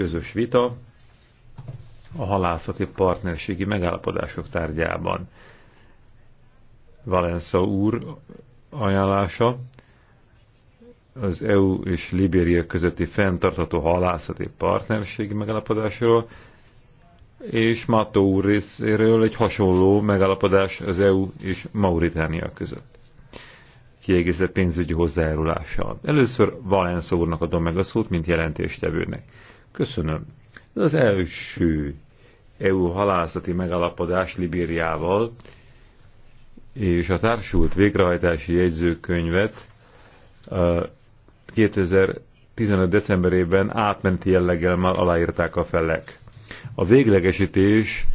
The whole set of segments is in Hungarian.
közös vita a halászati partnerségi megállapodások tárgyában. Valensza úr ajánlása az EU és Libéria közötti fenntartható halászati partnerségi megállapodásról, és Mato úr részéről egy hasonló megállapodás az EU és Mauritánia között Kiegészített pénzügyi hozzájárulással. Először Valensza úrnak adom meg a szót, mint jelentéstevőnek. Köszönöm. Ez az első EU halászati megalapodás Libériával, és a társult végrehajtási jegyzőkönyvet 2015. decemberében átmenti jelleggel már aláírták a felek. A véglegesítés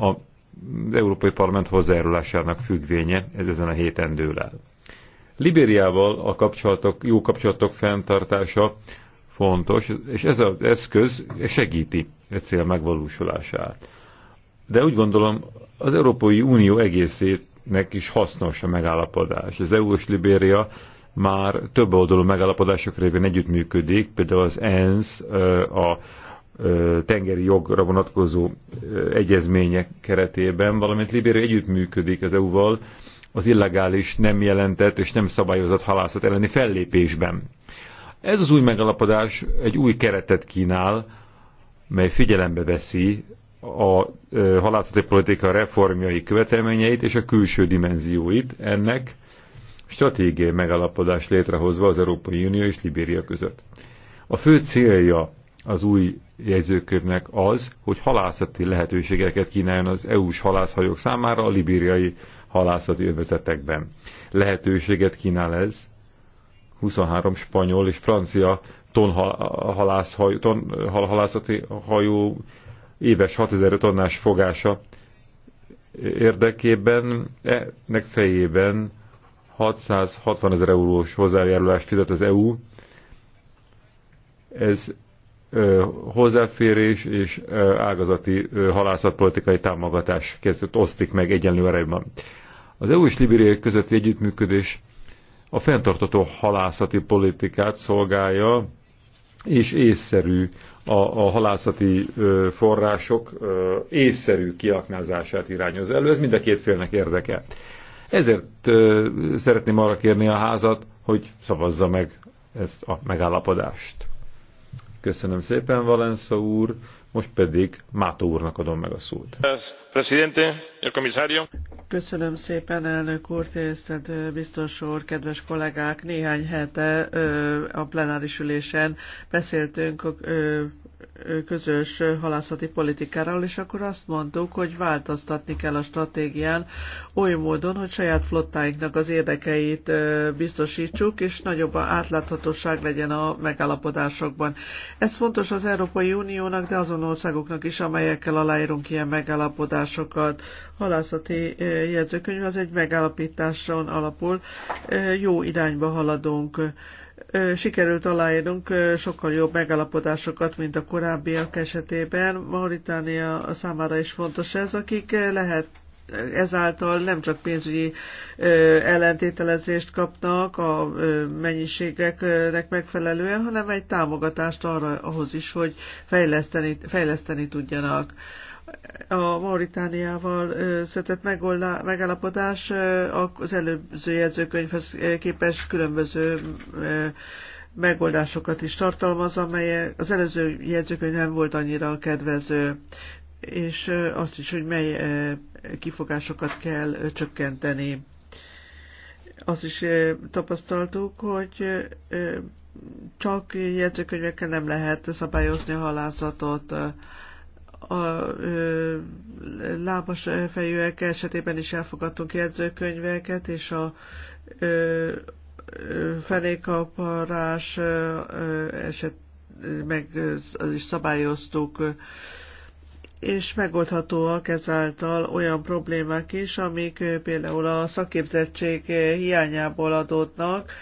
a Európai Parlament hozzájárulásának függvénye, ez ezen a héten dől el. Libériával a kapcsolatok, jó kapcsolatok fenntartása fontos, és ez az eszköz segíti e cél megvalósulását. De úgy gondolom, az Európai Unió egészének is hasznos a megállapodás. Az EU és Libéria már több oldalú megállapodások révén együttműködik, például az ENSZ a tengeri jogra vonatkozó egyezmények keretében, valamint Libéria együttműködik az EU-val az illegális, nem jelentett és nem szabályozott halászat elleni fellépésben ez az új megalapodás egy új keretet kínál, mely figyelembe veszi a halászati politika reformjai követelményeit és a külső dimenzióit ennek stratégiai megalapodás létrehozva az Európai Unió és Libéria között. A fő célja az új jegyzőkövnek az, hogy halászati lehetőségeket kínáljon az EU-s halászhajók számára a libériai halászati övezetekben. Lehetőséget kínál ez 23 spanyol és francia tonhalászhajó, tonhalászati hajó éves 6000 tonnás fogása érdekében, ennek fejében 660 ezer eurós hozzájárulást fizet az EU. Ez ö, hozzáférés és ö, ágazati ö, halászatpolitikai támogatás kezdődött, osztik meg egyenlő arányban. Az EU és Libériai közötti együttműködés a fenntartató halászati politikát szolgálja, és észszerű a, a halászati ö, források ö, észszerű kiaknázását irányoz elő. Ez mind a két félnek érdeke. Ezért ö, szeretném arra kérni a házat, hogy szavazza meg ezt a megállapodást. Köszönöm szépen, Valensza úr. Most pedig Mátó úrnak adom meg a szót. Köszönöm szépen, elnök úr, tisztelt biztos úr, kedves kollégák! Néhány hete a plenáris ülésen beszéltünk közös halászati politikáról, és akkor azt mondtuk, hogy változtatni kell a stratégián oly módon, hogy saját flottáinknak az érdekeit biztosítsuk, és nagyobb átláthatóság legyen a megállapodásokban. Ez fontos az Európai Uniónak, de azon országoknak is, amelyekkel aláírunk ilyen megállapodásokat. Halászati jegyzőkönyv az egy megállapításon alapul. Jó irányba haladunk sikerült aláírnunk sokkal jobb megállapodásokat, mint a korábbiak esetében. Mauritánia számára is fontos ez, akik lehet ezáltal nem csak pénzügyi ellentételezést kapnak a mennyiségeknek megfelelően, hanem egy támogatást arra ahhoz is, hogy fejleszteni, fejleszteni tudjanak a Mauritániával született megállapodás az előző jegyzőkönyvhez képest különböző megoldásokat is tartalmaz, amelyek az előző jegyzőkönyv nem volt annyira kedvező, és azt is, hogy mely kifogásokat kell csökkenteni. Azt is tapasztaltuk, hogy csak jegyzőkönyvekkel nem lehet szabályozni a halászatot a ö, lábas fejűek esetében is elfogadtunk jegyzőkönyveket, és a ö, fenékaparás eset meg az is szabályoztuk, és megoldhatóak ezáltal olyan problémák is, amik például a szakképzettség hiányából adódnak,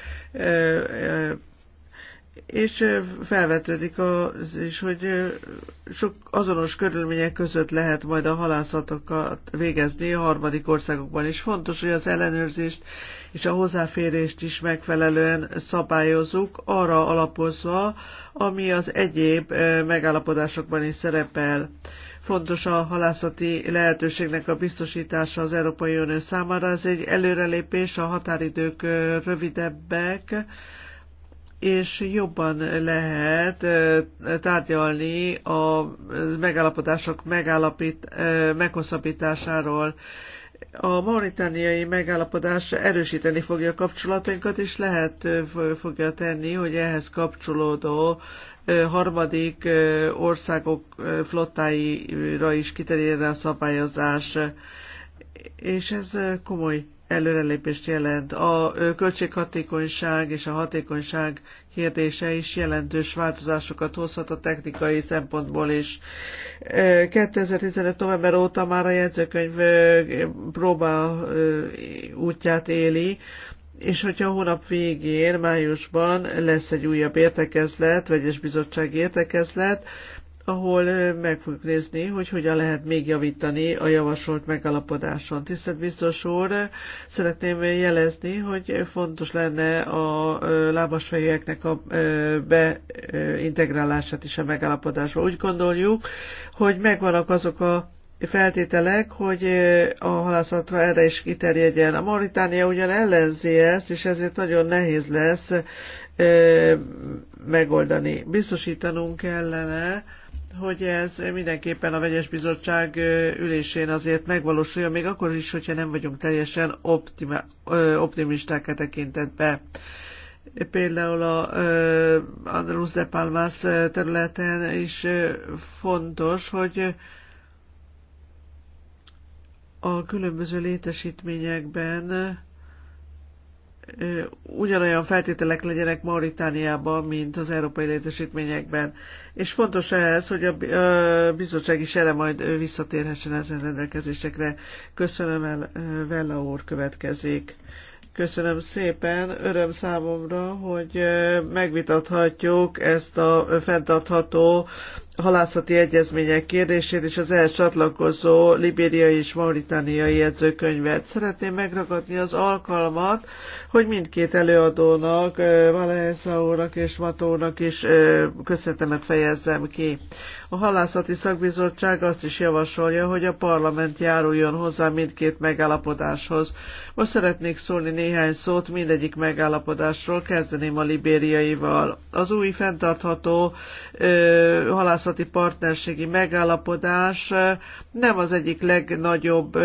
és felvetődik az is, hogy sok azonos körülmények között lehet majd a halászatokat végezni a harmadik országokban is. Fontos, hogy az ellenőrzést és a hozzáférést is megfelelően szabályozzuk, arra alapozva, ami az egyéb megállapodásokban is szerepel. Fontos a halászati lehetőségnek a biztosítása az Európai Unió számára. Ez egy előrelépés, a határidők rövidebbek, és jobban lehet tárgyalni a megállapodások megállapít, meghosszabbításáról. A mauritániai megállapodás erősíteni fogja a kapcsolatainkat, és lehet fogja tenni, hogy ehhez kapcsolódó harmadik országok flottáira is kiterjedne a szabályozás. És ez komoly előrelépést jelent. A költséghatékonyság és a hatékonyság kérdése is jelentős változásokat hozhat a technikai szempontból is. 2015. november óta már a jegyzőkönyv próbál útját éli, és hogyha a hónap végén, májusban lesz egy újabb értekezlet, vegyes bizottság értekezlet, ahol meg fogjuk nézni, hogy hogyan lehet még javítani a javasolt megállapodáson. Tisztelt biztos úr, szeretném jelezni, hogy fontos lenne a lábasfejűeknek a beintegrálását is a megalapodásba. Úgy gondoljuk, hogy megvannak azok a feltételek, hogy a halászatra erre is kiterjedjen. A Mauritánia ugyan ellenzi ezt, és ezért nagyon nehéz lesz megoldani. Biztosítanunk kellene, hogy ez mindenképpen a vegyes bizottság ülésén azért megvalósulja, még akkor is, hogyha nem vagyunk teljesen optima, optimisták e tekintetben. Például a Andalus de Palmas területen is fontos, hogy a különböző létesítményekben ugyanolyan feltételek legyenek Mauritániában, mint az európai létesítményekben. És fontos ehhez, hogy a bizottság is erre majd visszatérhessen ezen rendelkezésekre. Köszönöm el, Vella úr következik. Köszönöm szépen, öröm számomra, hogy megvitathatjuk ezt a fenntartható halászati egyezmények kérdését és az elcsatlakozó libériai és mauritániai jegyzőkönyvet. Szeretném megragadni az alkalmat, hogy mindkét előadónak, Valesza úrnak és Matónak is köszönetemet fejezzem ki. A halászati szakbizottság azt is javasolja, hogy a parlament járuljon hozzá mindkét megállapodáshoz. Most szeretnék szólni néhány szót mindegyik megállapodásról, kezdeném a libériaival. Az új fenntartható ö, halászati halászati partnerségi megállapodás nem az egyik legnagyobb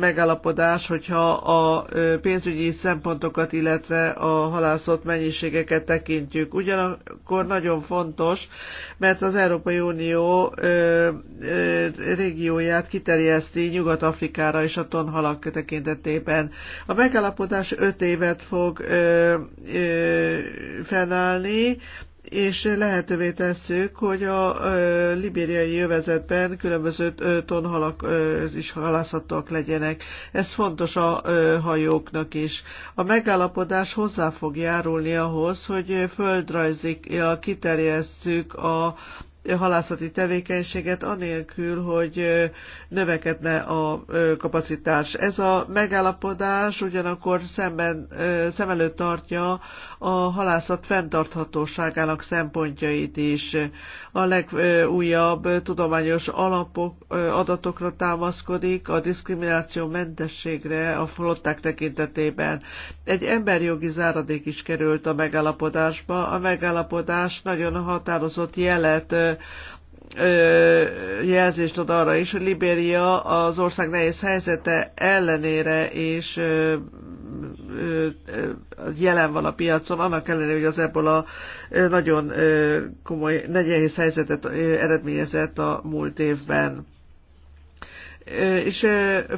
megállapodás, hogyha a pénzügyi szempontokat, illetve a halászott mennyiségeket tekintjük. Ugyanakkor nagyon fontos, mert az Európai Unió régióját kiterjeszti Nyugat-Afrikára és a tonhalak tekintetében. A megállapodás öt évet fog fennállni, és lehetővé tesszük, hogy a libériai jövezetben különböző tonhalak is halászhatóak legyenek. Ez fontos a hajóknak is. A megállapodás hozzá fog járulni ahhoz, hogy földrajzik, kiterjesszük a halászati tevékenységet, anélkül, hogy növekedne a kapacitás. Ez a megállapodás ugyanakkor szemben, szem előtt tartja a halászat fenntarthatóságának szempontjait is. A legújabb tudományos alapok, adatokra támaszkodik a diszkrimináció mentességre a flották tekintetében. Egy emberjogi záradék is került a megállapodásba. A megállapodás nagyon határozott jelet jelzést ad arra is, hogy Libéria az ország nehéz helyzete ellenére és jelen van a piacon, annak ellenére, hogy az ebből a nagyon komoly, nehéz helyzetet eredményezett a múlt évben és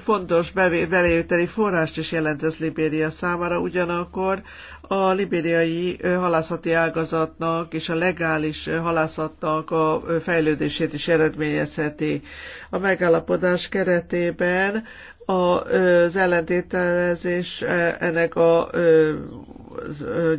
fontos bevételi forrást is jelent ez Libéria számára, ugyanakkor a libériai halászati ágazatnak és a legális halászatnak a fejlődését is eredményezheti. A megállapodás keretében az ellentételezés ennek a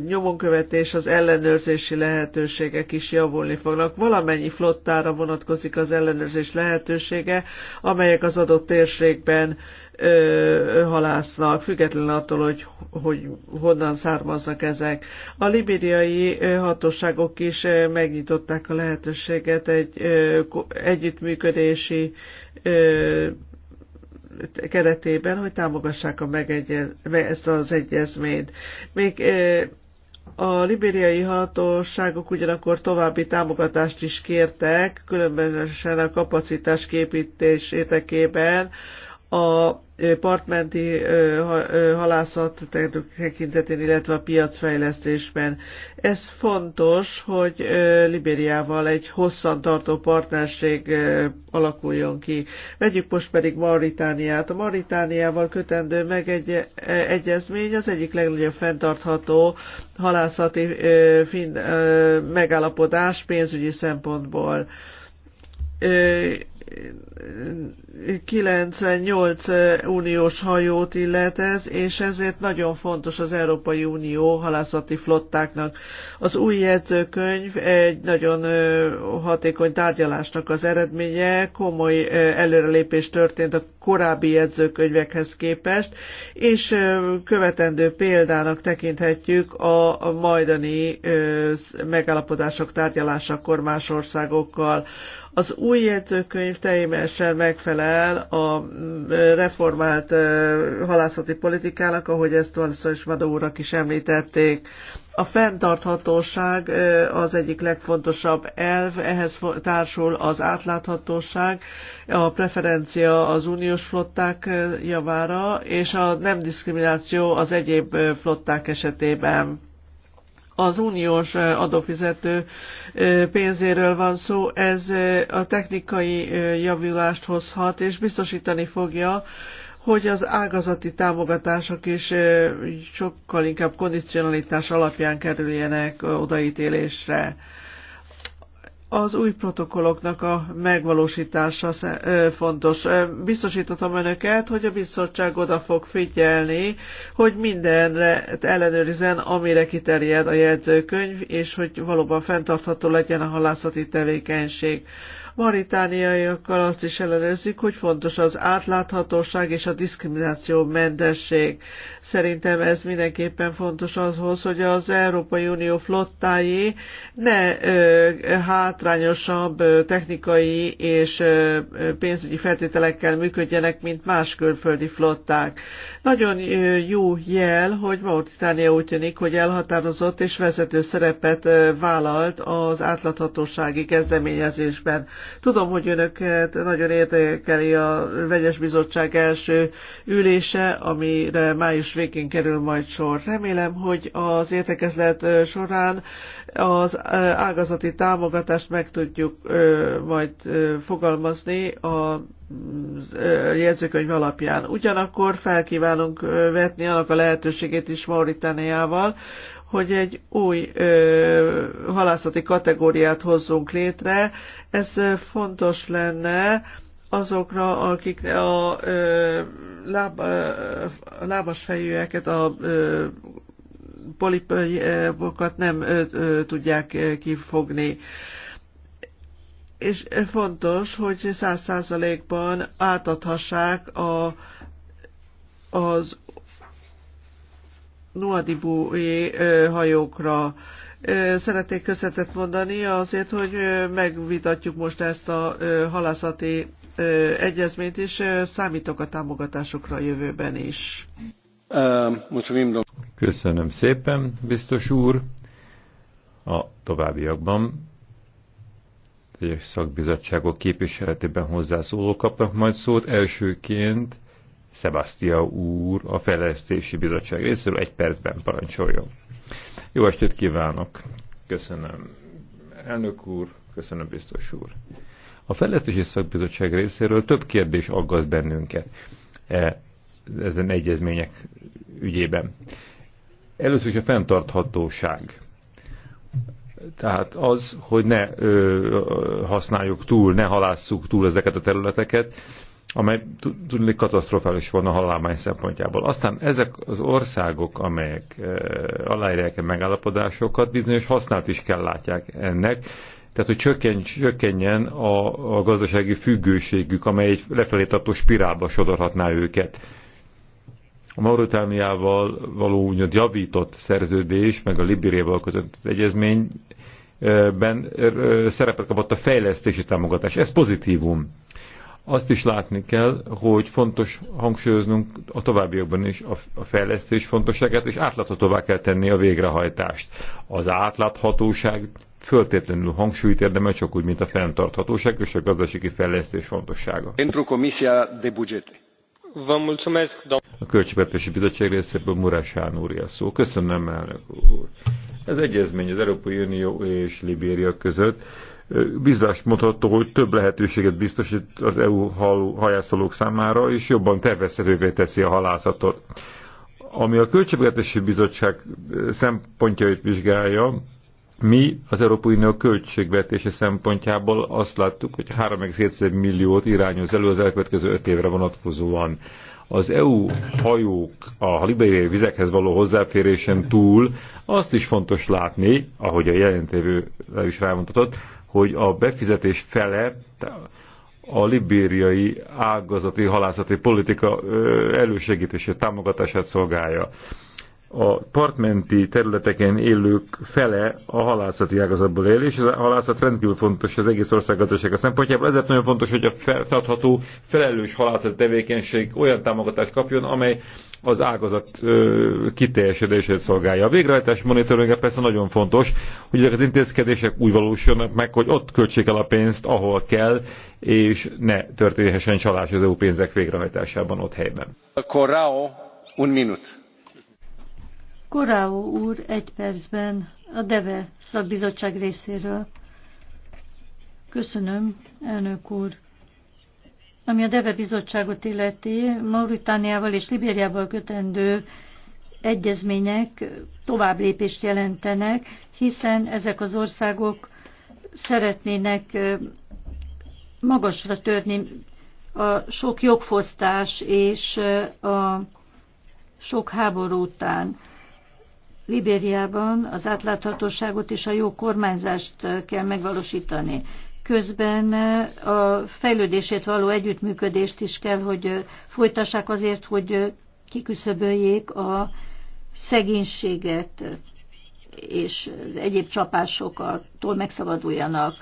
nyomonkövetés, az ellenőrzési lehetőségek is javulni fognak. Valamennyi flottára vonatkozik az ellenőrzés lehetősége, amelyek az adott térségben ö, halásznak, függetlenül attól, hogy, hogy honnan származnak ezek. A libériai hatóságok is megnyitották a lehetőséget egy ö, együttműködési ö, keretében, hogy támogassák a megegye, ezt az egyezményt. Még a libériai hatóságok ugyanakkor további támogatást is kértek, különbözően a kapacitás képítés érdekében a partmenti halászat tekintetén, illetve a piacfejlesztésben. Ez fontos, hogy Libériával egy hosszan tartó partnerség alakuljon ki. Vegyük most pedig Mauritániát. A Mauritániával kötendő meg egy egyezmény az egyik legnagyobb fenntartható halászati fin, megállapodás pénzügyi szempontból 98 uniós hajót illet ez, és ezért nagyon fontos az Európai Unió halászati flottáknak. Az új jegyzőkönyv egy nagyon hatékony tárgyalásnak az eredménye, komoly előrelépés történt a korábbi jegyzőkönyvekhez képest, és követendő példának tekinthetjük a majdani megállapodások tárgyalásakor más országokkal. Az új jegyzőkönyv teljes tökéletesen megfelel a reformált halászati politikának, ahogy ezt Valszor és Vada úrak is említették. A fenntarthatóság az egyik legfontosabb elv, ehhez társul az átláthatóság, a preferencia az uniós flották javára, és a nem diszkrimináció az egyéb flották esetében az uniós adófizető pénzéről van szó, ez a technikai javulást hozhat, és biztosítani fogja, hogy az ágazati támogatások is sokkal inkább kondicionalitás alapján kerüljenek odaítélésre az új protokolloknak a megvalósítása fontos. Biztosítatom önöket, hogy a bizottság oda fog figyelni, hogy mindenre ellenőrizen, amire kiterjed a jegyzőkönyv, és hogy valóban fenntartható legyen a halászati tevékenység. Maritániaiakkal azt is ellenőrzik, hogy fontos az átláthatóság és a diszkrimináció mentesség. Szerintem ez mindenképpen fontos azhoz, hogy az Európai Unió flottái ne ö, hátrányosabb ö, technikai és ö, pénzügyi feltételekkel működjenek, mint más külföldi flották. Nagyon ö, jó jel, hogy Mauritánia úgy tűnik, hogy elhatározott és vezető szerepet ö, vállalt az átláthatósági kezdeményezésben. Tudom, hogy önöket nagyon értékeli a vegyes bizottság első ülése, amire május végén kerül majd sor. Remélem, hogy az értekezlet során az ágazati támogatást meg tudjuk majd fogalmazni a mm, jegyzőkönyv alapján. Ugyanakkor felkívánunk vetni annak a lehetőségét is Mauritániával, hogy egy új ö, halászati kategóriát hozzunk létre. Ez fontos lenne azokra, akik a a láb, lábas fejűeket, a polipokat nem ö, ö, tudják kifogni. És fontos, hogy száz százalékban átadhassák a, az Nuadibúi hajókra. Szeretnék köszönetet mondani azért, hogy megvitatjuk most ezt a halászati egyezményt, és számítok a támogatásokra a jövőben is. Köszönöm szépen, biztos úr. A továbbiakban egyes szakbizottságok képviseletében hozzászólók kapnak majd szót. Elsőként Sebastia úr a Fejlesztési Bizottság részéről egy percben parancsoljon. Jó estét kívánok! Köszönöm elnök úr, köszönöm biztos úr. A Fejlesztési Szakbizottság részéről több kérdés aggaszt bennünket e, ezen egyezmények ügyében. Először is a fenntarthatóság. Tehát az, hogy ne ö, használjuk túl, ne halásszuk túl ezeket a területeket, amely tudni katasztrofális volna a halálmány szempontjából. Aztán ezek az országok, amelyek e, aláírják a megállapodásokat, bizonyos hasznát is kell látják ennek, tehát hogy csökkenjen a, a gazdasági függőségük, amely egy lefelé tartó spirálba sodorhatná őket. A Mauritániával való úgynevezett javított szerződés, meg a Libériával között az egyezményben e, e, szerepet kapott a fejlesztési támogatás. Ez pozitívum azt is látni kell, hogy fontos hangsúlyoznunk a továbbiakban is a fejlesztés fontosságát, és átláthatóvá kell tenni a végrehajtást. Az átláthatóság föltétlenül hangsúlyt érdemel, csak úgy, mint a fenntarthatóság és a gazdasági fejlesztés fontossága. A Költségvetési Bizottság részéből Murás úr a szó. Köszönöm, elnök úr. Ez egyezmény az Európai Unió és Libéria között bizvást mondható, hogy több lehetőséget biztosít az EU hajászolók számára, és jobban tervezhetővé teszi a halászatot. Ami a Költségvetési Bizottság szempontjait vizsgálja, mi az Európai Unió költségvetése szempontjából azt láttuk, hogy 3,7 milliót irányoz elő az elkövetkező 5 évre vonatkozóan. Az EU hajók a libériai vizekhez való hozzáférésen túl azt is fontos látni, ahogy a jelentévő is rámutatott, hogy a befizetés fele a libériai ágazati halászati politika elősegítését, támogatását szolgálja. A partmenti területeken élők fele a halászati ágazatból él, és a halászat rendkívül fontos az egész ország gazdasága szempontjából. Ezért nagyon fontos, hogy a fenntartható, felelős halászati tevékenység olyan támogatást kapjon, amely az ágazat ö, kiteljesedését szolgálja. A végrehajtás monitoringja persze nagyon fontos, hogy ezek az intézkedések úgy valósulnak meg, hogy ott költsék el a pénzt, ahol kell, és ne történhessen csalás az EU pénzek végrehajtásában ott helyben. Corrao, un minut. Corrao úr egy percben a DEVE szakbizottság részéről. Köszönöm, elnök úr. Ami a DEVE bizottságot illeti, Mauritániával és Libériával kötendő egyezmények tovább lépést jelentenek, hiszen ezek az országok szeretnének magasra törni a sok jogfosztás és a sok háború után. Libériában az átláthatóságot és a jó kormányzást kell megvalósítani közben eh, a fejlődését való együttműködést is kell, hogy eh, folytassák azért, hogy eh, kiküszöböljék a szegénységet és egyéb csapásoktól megszabaduljanak.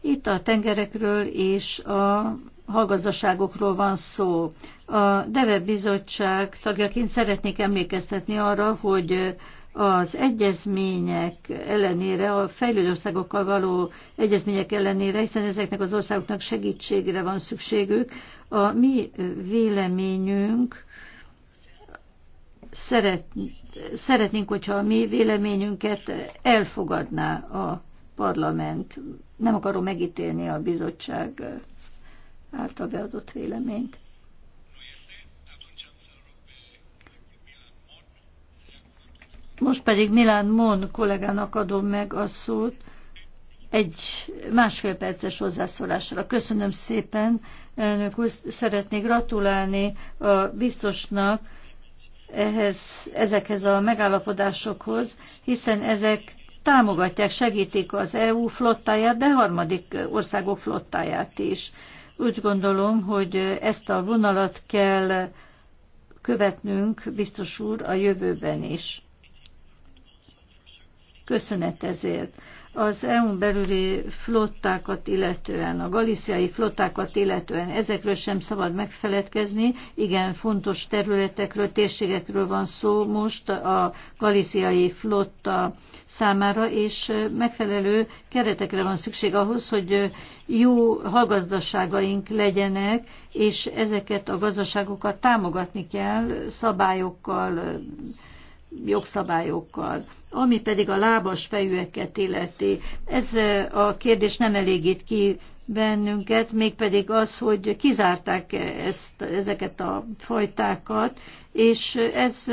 Itt a tengerekről és a hallgazdaságokról van szó. A DEVE bizottság tagjaként szeretnék emlékeztetni arra, hogy az egyezmények ellenére, a fejlődő országokkal való egyezmények ellenére, hiszen ezeknek az országoknak segítségre van szükségük, a mi véleményünk szeret, szeretnénk, hogyha a mi véleményünket elfogadná a parlament. Nem akarom megítélni a bizottság által beadott véleményt. Most pedig Milán Mon kollégának adom meg a szót egy másfél perces hozzászólásra. Köszönöm szépen, elnök úr, szeretnék gratulálni a biztosnak ehhez, ezekhez a megállapodásokhoz, hiszen ezek támogatják, segítik az EU flottáját, de harmadik országok flottáját is. Úgy gondolom, hogy ezt a vonalat kell követnünk, biztos úr, a jövőben is. Köszönet ezért. Az eu belüli flottákat illetően, a galiciai flottákat illetően ezekről sem szabad megfeledkezni. Igen, fontos területekről, térségekről van szó most a galiciai flotta számára, és megfelelő keretekre van szükség ahhoz, hogy jó hallgazdaságaink legyenek, és ezeket a gazdaságokat támogatni kell szabályokkal, jogszabályokkal. Ami pedig a lábas fejűeket illeti. Ez a kérdés nem elégít ki bennünket, mégpedig az, hogy kizárták ezt, ezeket a fajtákat, és ez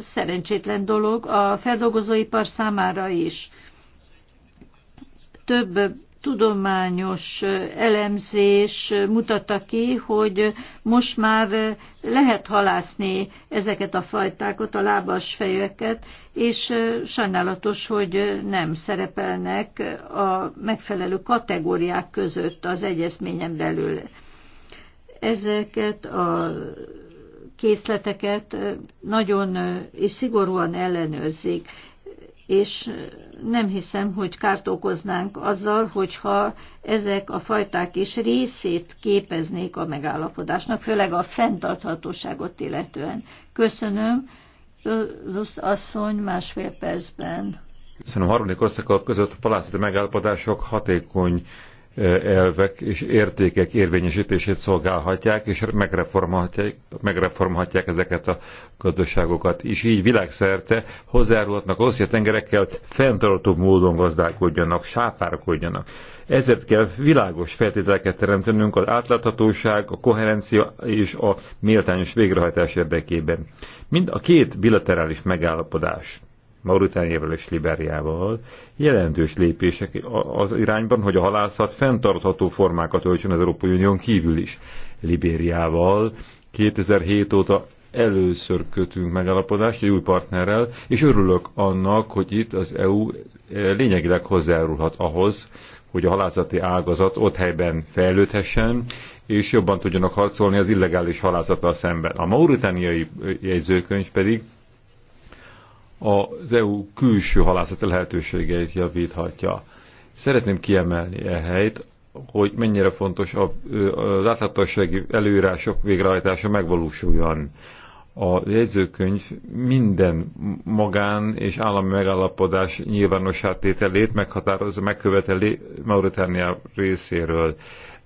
szerencsétlen dolog a feldolgozóipar számára is. Több tudományos elemzés mutatta ki, hogy most már lehet halászni ezeket a fajtákat, a lábas fejeket, és sajnálatos, hogy nem szerepelnek a megfelelő kategóriák között az egyezményen belül. Ezeket a készleteket nagyon és szigorúan ellenőrzik és nem hiszem, hogy kárt okoznánk azzal, hogyha ezek a fajták is részét képeznék a megállapodásnak, főleg a fenntarthatóságot illetően. Köszönöm. Lusz asszony másfél percben. Köszönöm. A harmadik országok között a palászati megállapodások hatékony elvek és értékek érvényesítését szolgálhatják, és megreformhatják, megreformhatják ezeket a gazdaságokat. is. így világszerte hozzárulhatnak ahhoz, hogy a tengerekkel fenntartó módon gazdálkodjanak, sápárkodjanak. Ezért kell világos feltételeket teremtenünk az átláthatóság, a koherencia és a méltányos végrehajtás érdekében. Mind a két bilaterális megállapodás Mauritániával és Liberiával jelentős lépések az irányban, hogy a halászat fenntartható formákat öltsön az Európai Unión kívül is. Libériával 2007 óta először kötünk megállapodást egy új partnerrel, és örülök annak, hogy itt az EU e, lényegileg hozzájárulhat ahhoz, hogy a halászati ágazat ott helyben fejlődhessen, és jobban tudjanak harcolni az illegális halászattal szemben. A mauritániai jegyzőkönyv pedig az EU külső halászati lehetőségeit javíthatja. Szeretném kiemelni e helyt, hogy mennyire fontos az átláthatósági előírások végrehajtása megvalósuljon. A jegyzőkönyv minden magán és állami megállapodás nyilvánosátételét meghatározza, megköveteli Mauritánia részéről.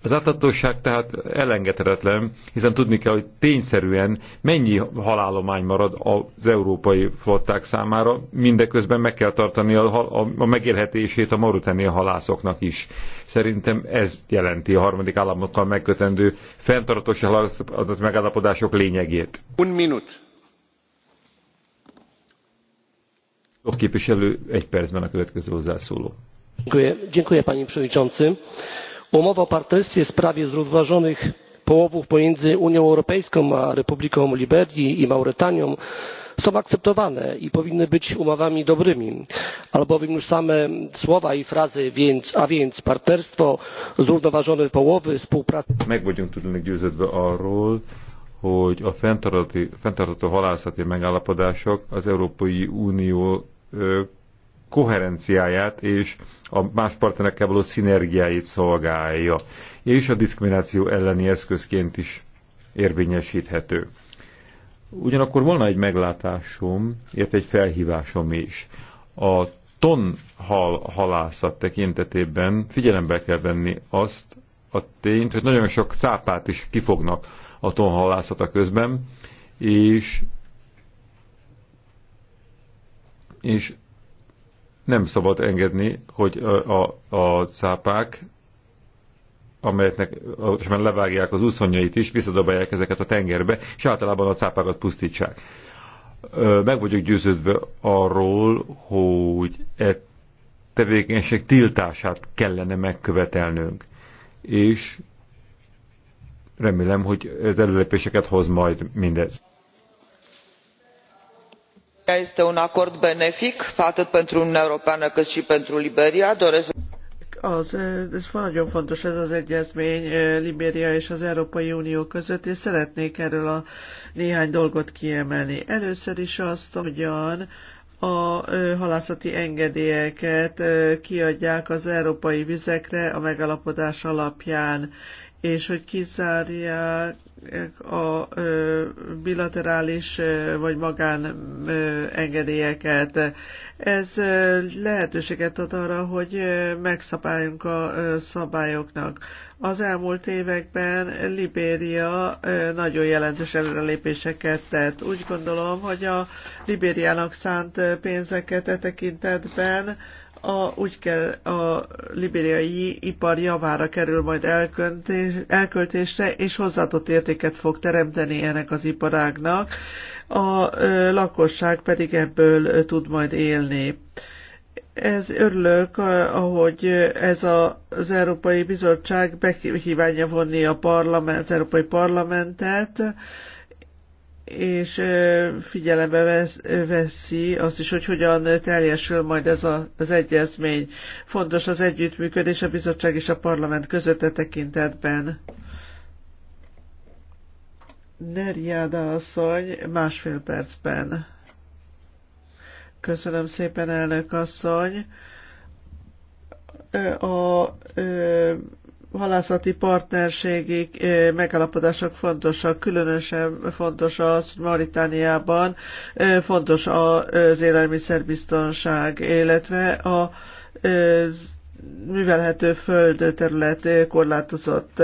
Az átadóság tehát elengedhetetlen, hiszen tudni kell, hogy tényszerűen mennyi halálomány marad az európai flották számára, mindeközben meg kell tartani a, a, a megélhetését a maruteni halászoknak is. Szerintem ez jelenti a harmadik államokkal megkötendő fenntartós halászat megállapodások lényegét. Un minut. A képviselő egy percben a következő hozzászóló. Dziękuję, dziękuję panie przewodniczący umowa o partnerstwie w sprawie zrównoważonych połowów pomiędzy unią europejską a republiką liberii i mauretanią są akceptowane i powinny być umowami dobrymi albowiem już same słowa i frazy a więc partnerstwo zrównoważone połowy współpraca koherenciáját és a más partnerekkel való szinergiáit szolgálja, és a diszkrimináció elleni eszközként is érvényesíthető. Ugyanakkor volna egy meglátásom, illetve egy felhívásom is. A tonhal halászat tekintetében figyelembe kell venni azt a tényt, hogy nagyon sok cápát is kifognak a tonhalászata közben, és és nem szabad engedni, hogy a, a, a cápák, amelyeknek és levágják az úszonyait is, visszadobálják ezeket a tengerbe, és általában a cápákat pusztítsák. Meg vagyok győződve arról, hogy e tevékenység tiltását kellene megkövetelnünk. És remélem, hogy ez előlepéseket hoz majd mindez este un acord benefic atât pentru uniunea europeană cât și pentru liberia. doresc az, ez nagyon fontos ez az egyezmény eh, és az Európai Unió között, és szeretnék erről a néhány dolgot kiemelni. Először is azt, hogyan a eh, halászati engedélyeket eh, kiadják az európai vizekre a megalapodás alapján, és hogy kizárják a bilaterális vagy magán engedélyeket. Ez lehetőséget ad arra, hogy megszabáljunk a szabályoknak. Az elmúlt években Libéria nagyon jelentős előrelépéseket tett. Úgy gondolom, hogy a Libériának szánt pénzeket e tekintetben a, úgy kell, a libériai ipar javára kerül majd elköntés, elköltésre, és hozzáadott értéket fog teremteni ennek az iparágnak, a ö, lakosság pedig ebből ö, tud majd élni. Ez örülök, ahogy ez a, az Európai Bizottság bekívánja vonni a parlament, az Európai Parlamentet, és figyelembe veszi azt is, hogy hogyan teljesül majd ez a, az egyezmény. Fontos az együttműködés a bizottság és a parlament között a e tekintetben. Nerjáda asszony másfél percben. Köszönöm szépen, elnök asszony. A, a, a halászati partnerségi eh, megállapodások fontosak, különösen fontos az, hogy Mauritániában eh, fontos az élelmiszerbiztonság, illetve a eh, művelhető föld terület korlátozott.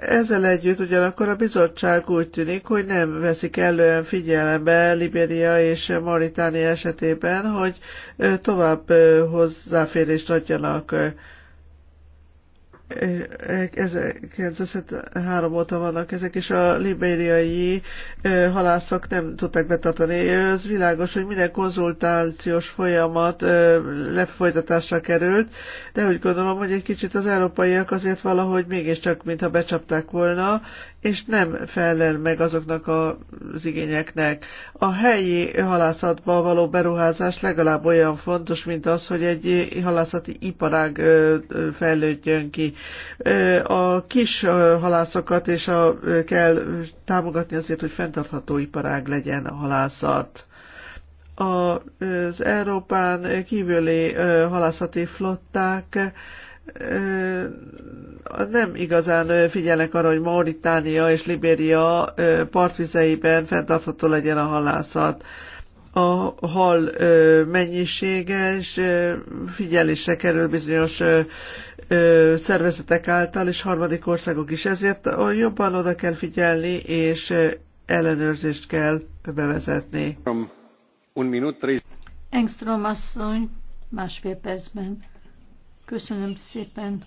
Ezzel együtt ugyanakkor a bizottság úgy tűnik, hogy nem veszik elően figyelembe Liberia és Mauritánia esetében, hogy tovább hozzáférést adjanak 1973 óta vannak ezek, és a libériai halászok nem tudták betartani. Ez világos, hogy minden konzultációs folyamat lefolytatásra került, de úgy gondolom, hogy egy kicsit az európaiak azért valahogy mégiscsak, mintha becsapták volna, és nem felel meg azoknak az igényeknek. A helyi halászatba való beruházás legalább olyan fontos, mint az, hogy egy halászati iparág fejlődjön ki. A kis halászokat és a, kell támogatni azért, hogy fenntartható iparág legyen a halászat az Európán kívüli halászati flották nem igazán figyelnek arra, hogy Mauritánia és Libéria partvizeiben fenntartható legyen a halászat. A hal mennyisége és figyelésre kerül bizonyos szervezetek által, és harmadik országok is. Ezért jobban oda kell figyelni, és ellenőrzést kell bevezetni. Engström asszony, másfél percben. Köszönöm szépen.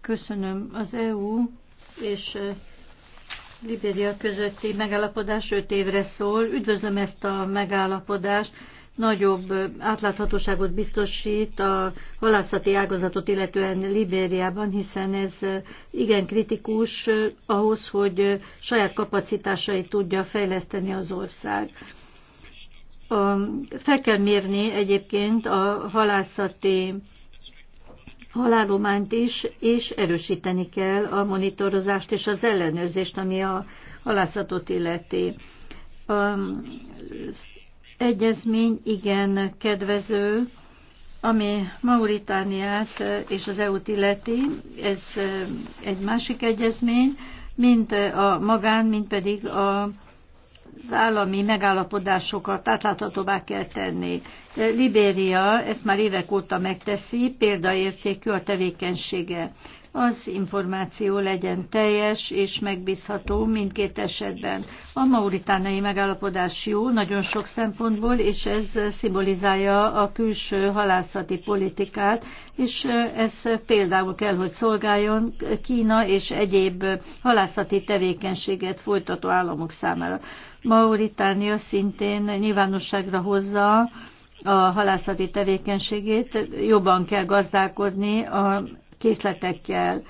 Köszönöm. Az EU és eh, Liberia közötti megállapodás öt évre szól. Üdvözlöm ezt a megállapodást. Nagyobb eh, átláthatóságot biztosít a halászati ágazatot illetően Libériában, hiszen ez eh, igen kritikus ahhoz, hogy saját kapacitásait tudja fejleszteni az ország a, fel kell mérni egyébként a halászati halálományt is, és erősíteni kell a monitorozást és az ellenőrzést, ami a halászatot illeti. Az egyezmény igen kedvező, ami Mauritániát és az EU-t illeti, ez egy másik egyezmény, mint a magán, mint pedig a az állami megállapodásokat átláthatóvá kell tenni. Libéria ezt már évek óta megteszi, példaértékű a tevékenysége az információ legyen teljes és megbízható mindkét esetben. A mauritánai megállapodás jó nagyon sok szempontból, és ez szimbolizálja a külső halászati politikát, és ez például kell, hogy szolgáljon Kína és egyéb halászati tevékenységet folytató államok számára. Mauritánia szintén nyilvánosságra hozza a halászati tevékenységét, jobban kell gazdálkodni a készletekkel.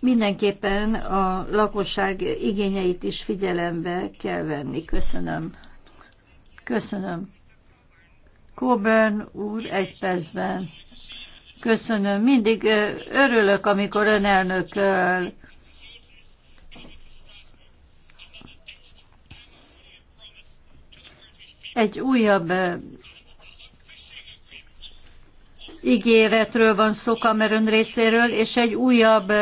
Mindenképpen a lakosság igényeit is figyelembe kell venni. Köszönöm. Köszönöm. Coburn úr, egy percben. Köszönöm. Mindig örülök, amikor ön elnököl. Egy újabb ígéretről van szó Kamerun részéről, és egy újabb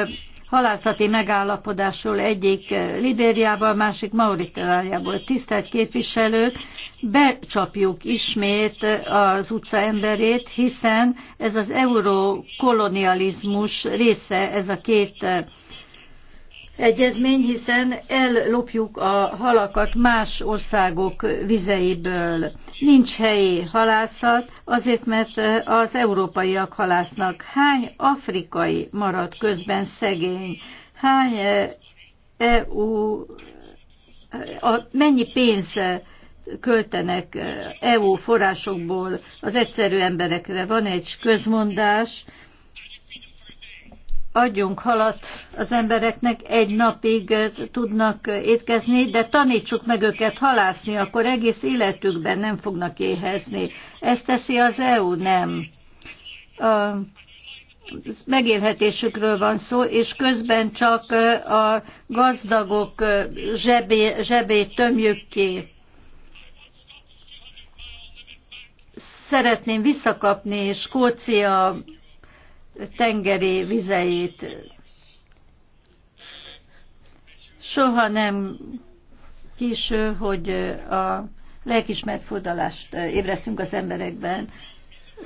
halászati megállapodásról egyik Libériával, másik Mauritániából tisztelt képviselők, becsapjuk ismét az utca emberét, hiszen ez az eurokolonializmus része, ez a két egyezmény, hiszen ellopjuk a halakat más országok vizeiből. Nincs helyi halászat, azért mert az európaiak halásznak. Hány afrikai maradt közben szegény? Hány eh, EU, eh, mennyi pénz eh, költenek EU forrásokból az egyszerű emberekre? Van egy közmondás, adjunk halat az embereknek, egy napig tudnak étkezni, de tanítsuk meg őket halászni, akkor egész életükben nem fognak éhezni. Ezt teszi az EU, nem. A megélhetésükről van szó, és közben csak a gazdagok zsebé, zsebét tömjük ki. Szeretném visszakapni Skócia tengeri vizeit. Soha nem késő, hogy a lelkismert fordalást ébresztünk az emberekben.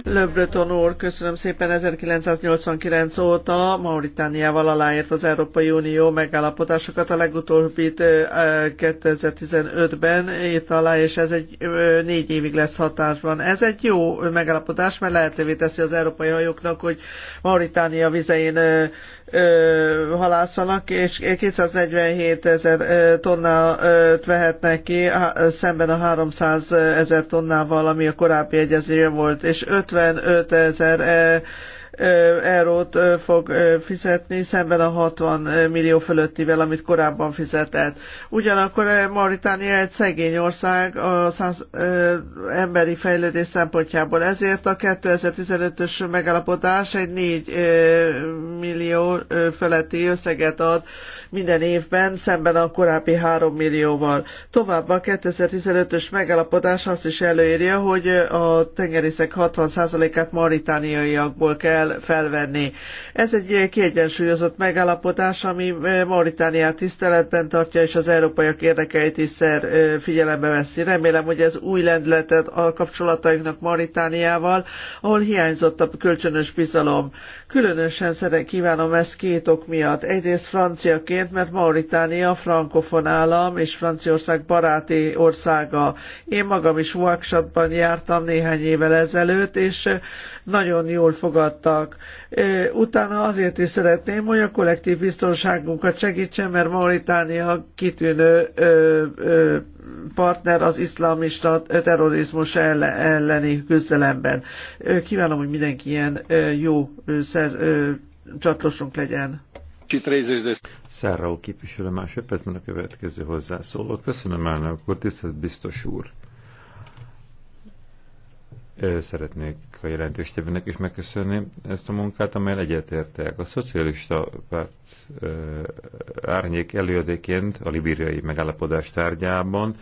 Löbröton úr, köszönöm szépen. 1989 óta Mauritániával aláért az Európai Unió megállapodásokat, a legutóbbit eh, 2015-ben írt alá, és ez egy eh, négy évig lesz hatásban. Ez egy jó megállapodás, mert lehetővé teszi az európai hajóknak, hogy Mauritánia vizein eh, ö, halászanak, és 247 ezer tonnát vehetnek ki, szemben a 300 ezer tonnával, ami a korábbi egyezője volt, és 55 ezer eurót fog fizetni, szemben a 60 millió fölöttivel, amit korábban fizetett. Ugyanakkor Mauritánia egy szegény ország a száz, emberi fejlődés szempontjából, ezért a 2015-ös megállapodás egy 4 millió feletti összeget ad minden évben, szemben a korábbi 3 millióval. Továbbá a 2015-ös megállapodás azt is előírja, hogy a tengerészek 60%-át maritániaiakból kell kell felvenni. Ez egy kiegyensúlyozott megállapodás, ami eh, Mauritániát tiszteletben tartja, és az európaiak érdekeit is szer eh, figyelembe veszi. Remélem, hogy ez új lendületet a kapcsolatainknak Mauritániával, ahol hiányzott a kölcsönös bizalom. Különösen szere kívánom ezt két ok miatt. Egyrészt franciaként, mert Mauritánia frankofon állam, és Franciaország baráti országa. Én magam is Waksatban jártam néhány évvel ezelőtt, és eh, nagyon jól fogadta voltak. Utána azért is szeretném, hogy a kollektív biztonságunkat segítsen, mert Mauritánia kitűnő partner az iszlamista terrorizmus elleni küzdelemben. Kívánom, hogy mindenki ilyen jó szer, csatlosunk legyen. Szárraó képviselő másodpercben a következő hozzászóló. Köszönöm elnök úr, tisztelt biztos úr szeretnék a jelentéstevőnek is megköszönni ezt a munkát, amelyel egyetértek. A szocialista párt árnyék előadéként a libériai megállapodás tárgyában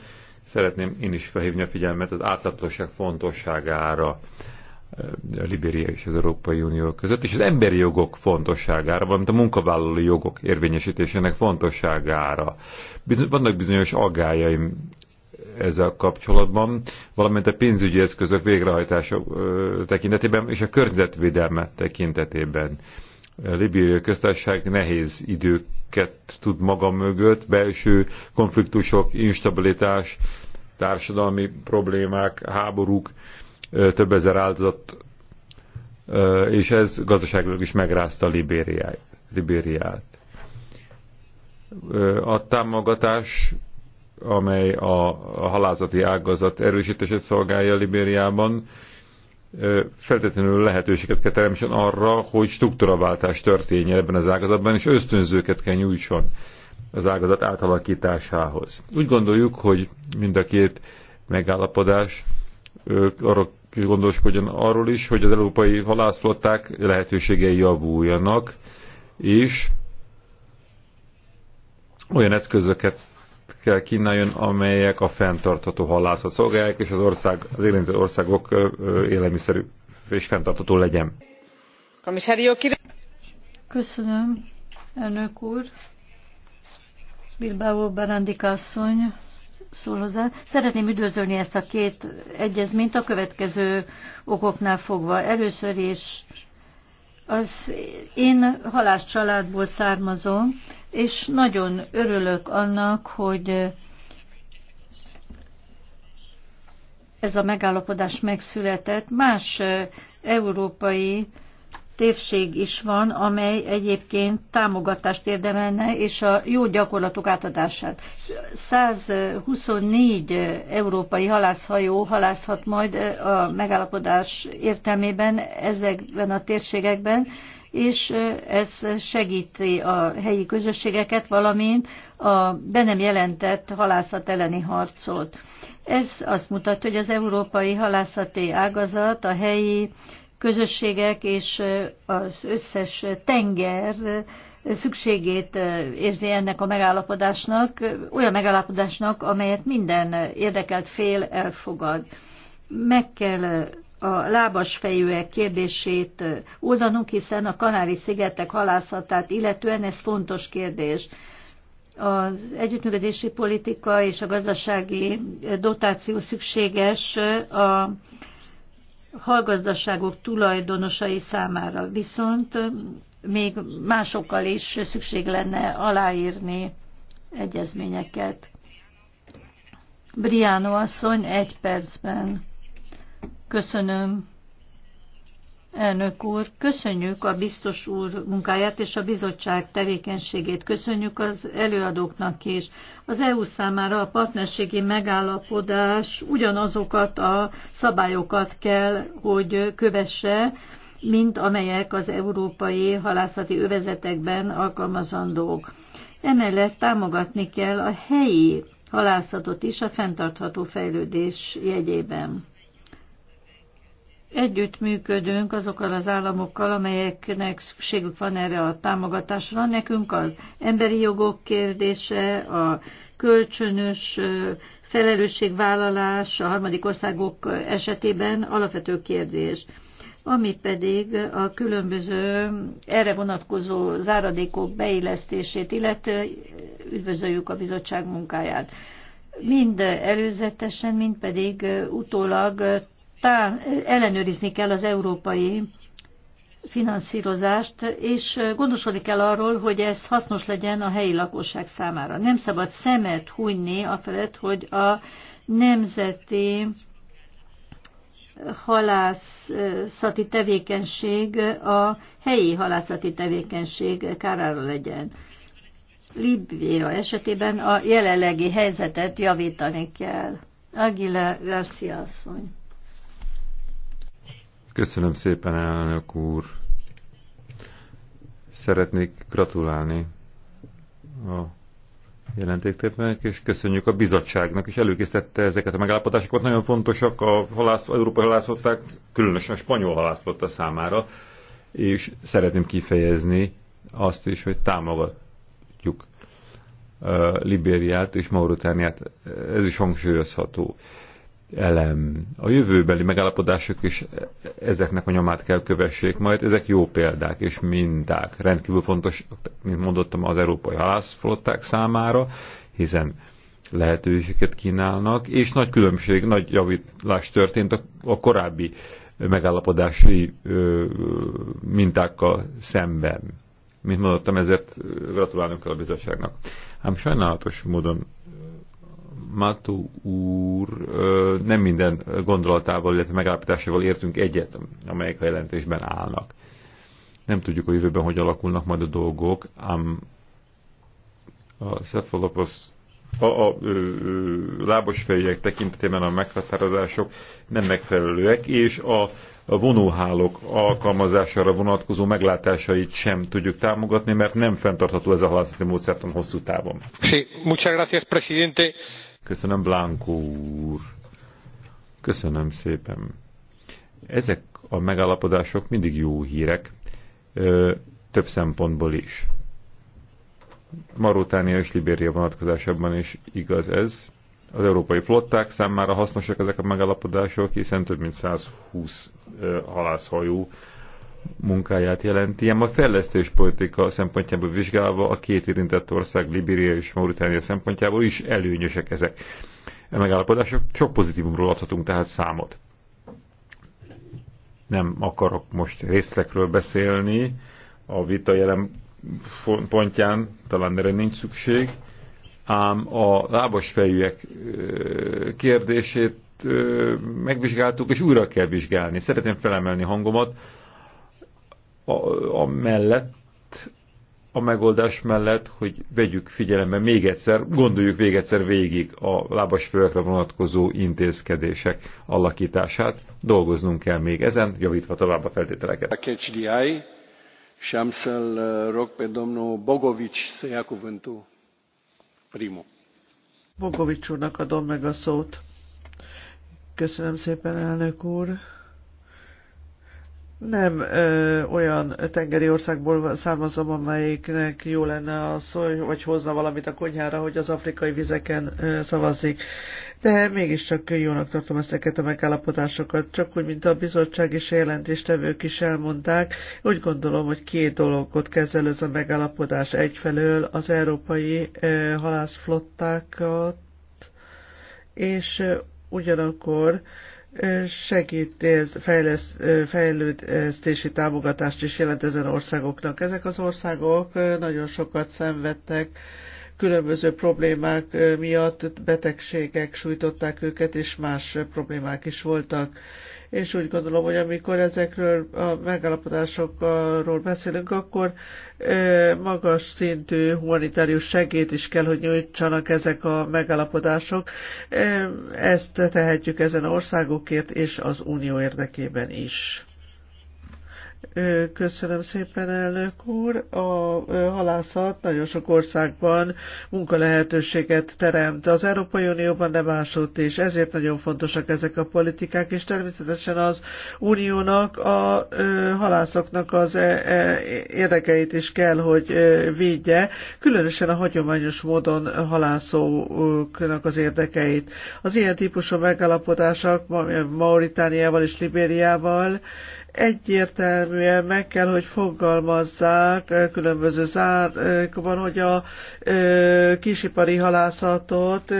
szeretném én is felhívni a figyelmet az átláthatóság fontosságára a Libéria és az Európai Unió között, és az emberi jogok fontosságára, valamint a munkavállalói jogok érvényesítésének fontosságára. Bizony, vannak bizonyos aggájaim ezzel kapcsolatban, valamint a pénzügyi eszközök végrehajtása tekintetében és a környezetvédelme tekintetében. A Libériai köztársaság nehéz időket tud maga mögött, belső konfliktusok, instabilitás, társadalmi problémák, háborúk, több ezer áldozat, és ez gazdaságilag is megrázta Libériát. A támogatás amely a, a halászati ágazat erősítését szolgálja Libériában, feltétlenül lehetőséget kell teremtsen arra, hogy struktúraváltás történjen ebben az ágazatban, és ösztönzőket kell nyújtson az ágazat átalakításához. Úgy gondoljuk, hogy mind a két megállapodás arra gondoskodjon arról is, hogy az európai halászflották lehetőségei javuljanak, és olyan eszközöket kell kínáljon, amelyek a fenntartható halászat szolgálják, és az, ország, az érintő országok élelmiszerű és fenntartható legyen. Köszönöm, elnök úr. Bilbao Berendik asszony szól hozzá. Szeretném üdvözölni ezt a két egyezményt a következő okoknál fogva. Először is az én halás családból származom, és nagyon örülök annak, hogy ez a megállapodás megszületett. Más európai térség is van, amely egyébként támogatást érdemelne, és a jó gyakorlatok átadását. 124 európai halászhajó halászhat majd a megállapodás értelmében ezekben a térségekben, és ez segíti a helyi közösségeket, valamint a be nem jelentett halászat elleni harcot. Ez azt mutatja, hogy az európai halászati ágazat, a helyi közösségek és az összes tenger szükségét érzi ennek a megállapodásnak, olyan megállapodásnak, amelyet minden érdekelt fél elfogad. Meg kell a lábas fejűek kérdését oldanunk, hiszen a Kanári-szigetek halászatát illetően ez fontos kérdés. Az együttműködési politika és a gazdasági dotáció szükséges a hallgazdaságok tulajdonosai számára, viszont még másokkal is szükség lenne aláírni egyezményeket. Briano asszony egy percben. Köszönöm, elnök úr. Köszönjük a biztos úr munkáját és a bizottság tevékenységét. Köszönjük az előadóknak is. Az EU számára a partnerségi megállapodás ugyanazokat a szabályokat kell, hogy kövesse, mint amelyek az európai halászati övezetekben alkalmazandók. Emellett támogatni kell a helyi halászatot is a fenntartható fejlődés jegyében. Együttműködünk azokkal az államokkal, amelyeknek szükségük van erre a támogatásra. Nekünk az emberi jogok kérdése, a kölcsönös felelősségvállalás a harmadik országok esetében alapvető kérdés ami pedig a különböző erre vonatkozó záradékok beillesztését, illetve üdvözöljük a bizottság munkáját. Mind előzetesen, mind pedig utólag ellenőrizni kell az európai finanszírozást, és gondosodni kell arról, hogy ez hasznos legyen a helyi lakosság számára. Nem szabad szemet hunyni afelett, hogy a nemzeti halászati tevékenység a helyi halászati tevékenység kárára legyen. Libia esetében a jelenlegi helyzetet javítani kell. Agila Garcia asszony. Köszönöm szépen, elnök úr. Szeretnék gratulálni a jelentéktépnek, és köszönjük a bizottságnak, és előkészítette ezeket a megállapodásokat. Nagyon fontosak a halász, európai halászflották, különösen a spanyol halászlotta számára, és szeretném kifejezni azt is, hogy támogatjuk Libériát és Mauritániát. Ez is hangsúlyozható elem. A jövőbeli megállapodások is ezeknek a nyomát kell kövessék majd. Ezek jó példák és minták. Rendkívül fontos, mint mondottam, az európai halászflották számára, hiszen lehetőséget kínálnak, és nagy különbség, nagy javítás történt a, a korábbi megállapodási ö, mintákkal szemben. Mint mondottam, ezért gratulálunk kell a bizottságnak. Ám sajnálatos módon Mató úr nem minden gondolatával, illetve megállapításával értünk egyet, amelyek a jelentésben állnak. Nem tudjuk a jövőben, hogy alakulnak majd a dolgok, ám a Cephalopos a, a ö, ö, fejek tekintetében a meghatározások nem megfelelőek, és a, a vonóhálók alkalmazására vonatkozó meglátásait sem tudjuk támogatni, mert nem fenntartható ez a halászati módszertan hosszú távon. Sí, muchas gracias, presidente. Köszönöm, Blanco úr. Köszönöm szépen. Ezek a megállapodások mindig jó hírek, ö, több szempontból is. Marotánia és Libéria vonatkozásában is igaz ez. Az európai flották számára hasznosak ezek a megállapodások, hiszen több mint 120 ö, halászhajó munkáját jelenti, ilyen a fejlesztés politika szempontjából vizsgálva a két érintett ország, Libéria és Mauritánia szempontjából is előnyösek ezek. A e megállapodások sok pozitívumról adhatunk tehát számot. Nem akarok most részletekről beszélni, a vita jelen pontján talán erre nincs szükség, ám a lábos fejűek kérdését megvizsgáltuk, és újra kell vizsgálni. Szeretném felemelni hangomat, a, a mellett, a megoldás mellett, hogy vegyük figyelembe még egyszer, gondoljuk még egyszer végig a lábas főekre vonatkozó intézkedések alakítását. Dolgoznunk kell még ezen, javítva tovább a feltételeket. A KCDI, și am să-l rog pe Bogovics úrnak adom meg a szót. Köszönöm szépen, elnök úr nem ö, olyan tengeri országból származom, amelyiknek jó lenne a hogy, vagy hozna valamit a konyhára, hogy az afrikai vizeken ö, szavazik. De mégiscsak jónak tartom ezeket a megállapodásokat, csak úgy, mint a bizottság és a jelentéstevők is elmondták. Úgy gondolom, hogy két dologot kezel ez a megállapodás. Egyfelől az európai ö, halászflottákat, és ö, ugyanakkor ö, ez fejlesz, fejlődési támogatást is jelent ezen országoknak. Ezek az országok nagyon sokat szenvedtek, különböző problémák miatt betegségek sújtották őket, és más problémák is voltak és úgy gondolom, hogy amikor ezekről a megállapodásokról beszélünk, akkor magas szintű humanitárius segét is kell, hogy nyújtsanak ezek a megállapodások. Ezt tehetjük ezen országokért és az unió érdekében is. Köszönöm szépen, elnök úr. A halászat nagyon sok országban munkalehetőséget teremt. Az Európai Unióban nem másodt is, ezért nagyon fontosak ezek a politikák, és természetesen az uniónak, a halászoknak az e, e, érdekeit is kell, hogy védje, különösen a hagyományos módon halászóknak az érdekeit. Az ilyen típusú megállapodások Mauritániával és Libériával egyértelműen meg kell, hogy fogalmazzák különböző zárkban, hogy a kisipari halászatot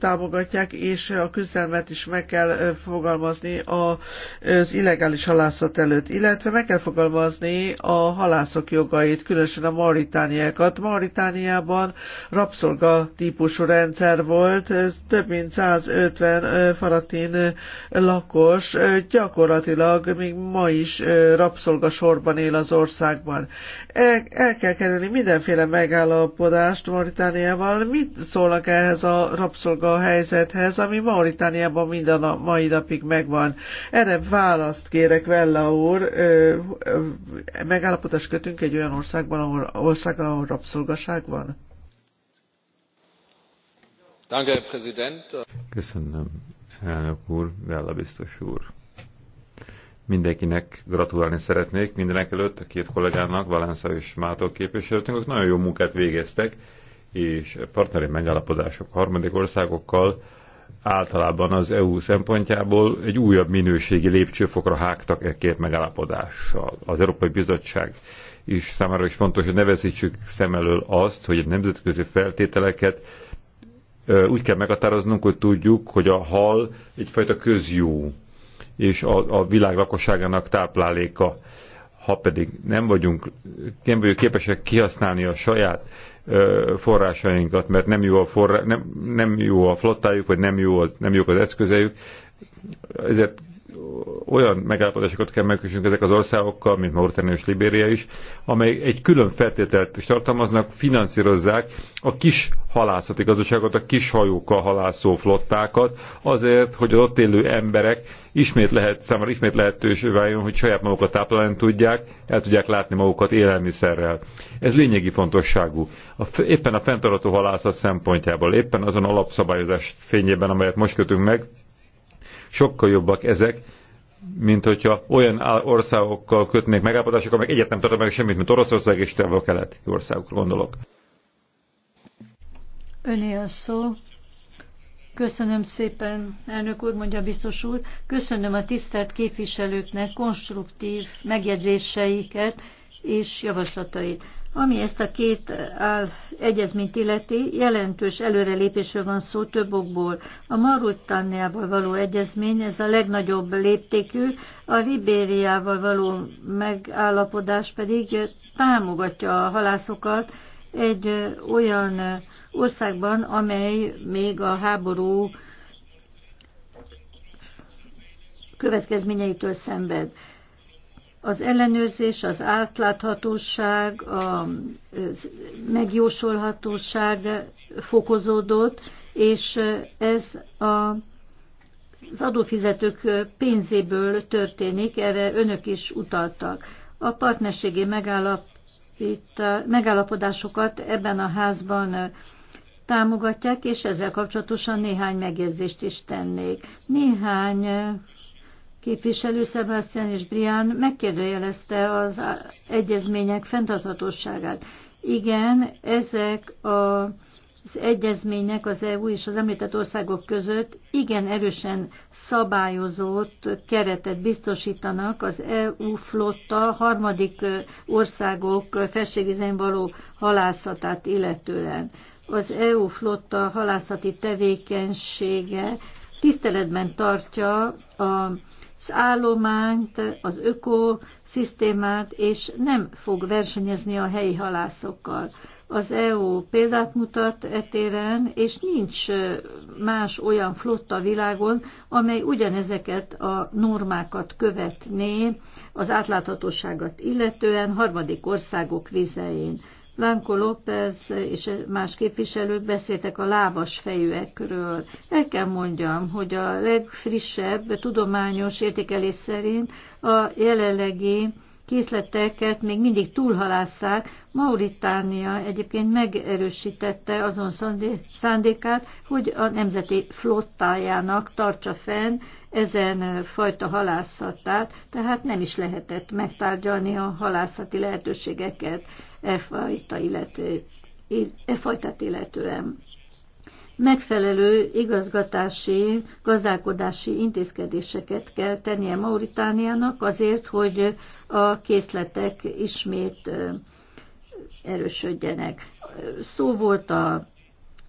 támogatják, és a küzdelmet is meg kell fogalmazni az illegális halászat előtt, illetve meg kell fogalmazni a halászok jogait, különösen a maritániákat. Mauritániában rabszolga típusú rendszer volt, ez több mint 150 faratin lakos, gyakorlatilag még mai is rabszolgasorban él az országban. El, el kell kerülni mindenféle megállapodást Mauritániával. Mit szólnak ehhez a rabszolga helyzethez, ami Mauritániában minden a mai napig megvan? Erre választ kérek, Vella úr. Megállapodást kötünk egy olyan országban, ahol, országban, ahol rabszolgaság van? Köszönöm, elnök úr, Vella biztos úr mindenkinek gratulálni szeretnék, mindenek előtt a két kollégának, Valensza és Mátó képviselőtünk, nagyon jó munkát végeztek, és partneri megállapodások harmadik országokkal általában az EU szempontjából egy újabb minőségi lépcsőfokra hágtak e két megállapodással. Az Európai Bizottság is számára is fontos, hogy nevezítsük szem elől azt, hogy a nemzetközi feltételeket úgy kell meghatároznunk, hogy tudjuk, hogy a hal egyfajta közjó és a, a világ lakosságának tápláléka. Ha pedig nem vagyunk, nem vagyunk képesek kihasználni a saját ö, forrásainkat, mert nem jó a, forra, nem, nem jó a flottájuk, vagy nem, jó az, nem jó az eszközeik, ezért olyan megállapodásokat kell megkössünk ezek az országokkal, mint Mauritania és Libéria is, amely egy külön feltételt is tartalmaznak, finanszírozzák a kis halászati gazdaságot, a kis hajókkal halászó flottákat, azért, hogy az ott élő emberek ismét lehet, számára ismét lehetős váljon, hogy saját magukat táplálni tudják, el tudják látni magukat élelmiszerrel. Ez lényegi fontosságú. A, éppen a fenntartható halászat szempontjából, éppen azon alapszabályozás fényében, amelyet most kötünk meg, sokkal jobbak ezek, mint hogyha olyan országokkal kötnék megállapodásokat, meg egyet nem tartom meg semmit, mint Oroszország és a keleti országokra gondolok. Öné a szó. Köszönöm szépen, elnök úr, mondja biztos úr. Köszönöm a tisztelt képviselőknek konstruktív megjegyzéseiket és javaslatait. Ami ezt a két áll egyezményt illeti, jelentős előrelépésről van szó több okból. A Marutániával való egyezmény, ez a legnagyobb léptékű, a Libériával való megállapodás pedig támogatja a halászokat egy olyan országban, amely még a háború következményeitől szenved. Az ellenőrzés, az átláthatóság, a megjósolhatóság fokozódott, és ez a az adófizetők pénzéből történik, erre önök is utaltak. A partnerségi megállapodásokat ebben a házban támogatják, és ezzel kapcsolatosan néhány megjegyzést is tennék. Néhány képviselő Sebastian és Brian megkérdőjelezte az egyezmények fenntarthatóságát. Igen, ezek a az egyezménynek az EU és az említett országok között igen erősen szabályozott keretet biztosítanak az EU flotta harmadik országok felségvizen való halászatát illetően. Az EU flotta halászati tevékenysége tiszteletben tartja a az állományt, az ökoszisztémát, és nem fog versenyezni a helyi halászokkal. Az EU példát mutat etéren, és nincs más olyan flotta világon, amely ugyanezeket a normákat követné az átláthatóságot illetően harmadik országok vizein. Blanco López és más képviselők beszéltek a lábas fejűekről. El kell mondjam, hogy a legfrissebb tudományos értékelés szerint a jelenlegi készleteket még mindig túlhalásszák. Mauritánia egyébként megerősítette azon szándékát, hogy a nemzeti flottájának tartsa fenn ezen fajta halászatát, tehát nem is lehetett megtárgyalni a halászati lehetőségeket e, fajta illető, e fajtát illetően. Megfelelő igazgatási, gazdálkodási intézkedéseket kell tennie Mauritániának azért, hogy a készletek ismét erősödjenek. Szó volt a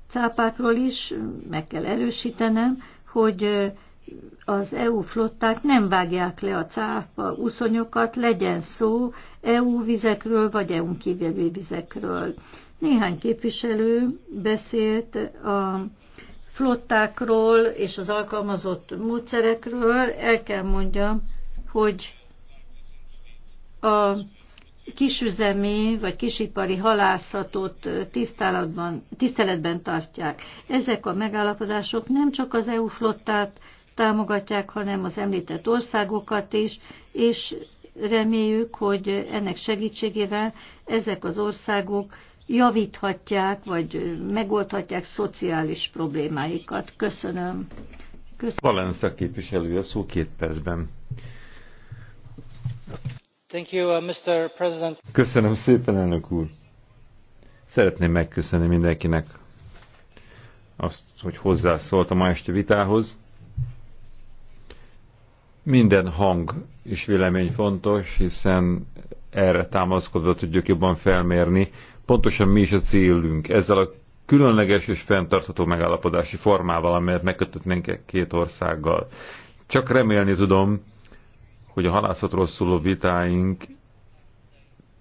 cápákról is, meg kell erősítenem, hogy az EU flották nem vágják le a cápa uszonyokat, legyen szó EU vizekről vagy EU kívüli vizekről. Néhány képviselő beszélt a flottákról és az alkalmazott módszerekről. El kell mondjam, hogy a kisüzemi vagy kisipari halászatot tiszteletben tartják. Ezek a megállapodások nem csak az EU flottát támogatják, hanem az említett országokat is, és reméljük, hogy ennek segítségével ezek az országok javíthatják, vagy megoldhatják szociális problémáikat. Köszönöm. Köszönöm. Valensza képviselő a szó két percben. Thank you, uh, Mr. President. Köszönöm szépen, elnök úr. Szeretném megköszönni mindenkinek azt, hogy hozzászólt a ma este vitához. Minden hang és vélemény fontos, hiszen erre támaszkodva tudjuk jobban felmérni. Pontosan mi is a célünk ezzel a különleges és fenntartható megállapodási formával, amelyet megkötöttnénk e két országgal. Csak remélni tudom, hogy a halászatról szóló vitáink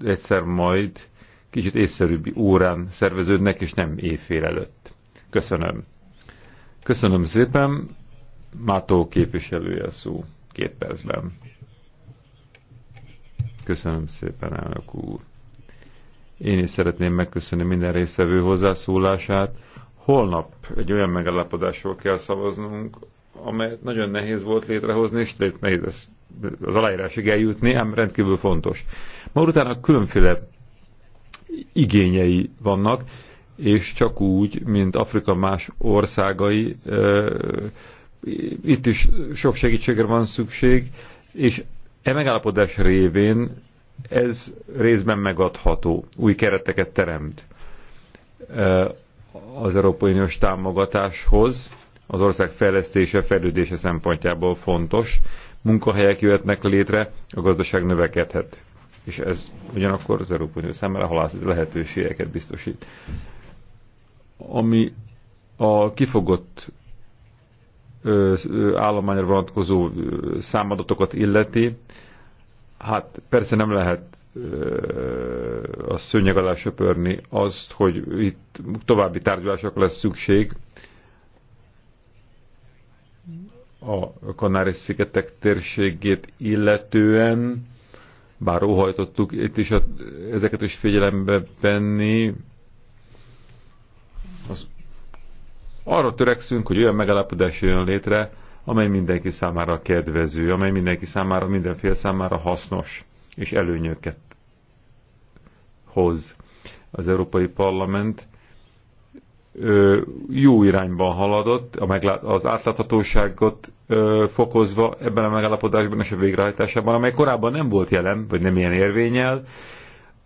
egyszer majd kicsit észszerűbb órán szerveződnek, és nem évfél előtt. Köszönöm. Köszönöm szépen. Mátó képviselője szó két percben. Köszönöm szépen, elnök úr. Én is szeretném megköszönni minden részvevő hozzászólását. Holnap egy olyan megállapodásról kell szavaznunk, amelyet nagyon nehéz volt létrehozni, és nehéz ez az aláírásig eljutni, ám rendkívül fontos. Ma utána különféle igényei vannak, és csak úgy, mint Afrika más országai itt is sok segítségre van szükség, és e megállapodás révén ez részben megadható, új kereteket teremt e, az Európai Uniós támogatáshoz, az ország fejlesztése, fejlődése szempontjából fontos. Munkahelyek jöhetnek létre, a gazdaság növekedhet. És ez ugyanakkor az Európai Unió számára halász lehetőségeket biztosít. Ami a kifogott állományra vonatkozó számadatokat illeti, hát persze nem lehet a szőnyeg alá söpörni azt, hogy itt további tárgyalásokra lesz szükség a Kanári-szigetek térségét illetően, bár óhajtottuk itt is a, ezeket is figyelembe venni, az arra törekszünk, hogy olyan megállapodás jön létre, amely mindenki számára kedvező, amely mindenki számára, mindenféle számára hasznos és előnyöket hoz. Az Európai Parlament jó irányban haladott, az átláthatóságot fokozva ebben a megállapodásban és a végrehajtásában, amely korábban nem volt jelen, vagy nem ilyen érvényel,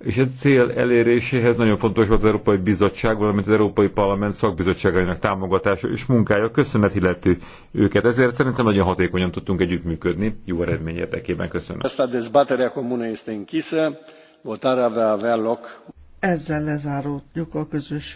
és egy cél eléréséhez nagyon fontos volt az Európai Bizottság, valamint az Európai Parlament szakbizottságainak támogatása és munkája. Köszönet illető őket. Ezért szerintem nagyon hatékonyan tudtunk együttműködni. Jó eredmény érdekében köszönöm. Ezt a dezbaterea comune este închisă. Votarea va avea loc. Ezzel lezárultjuk a közös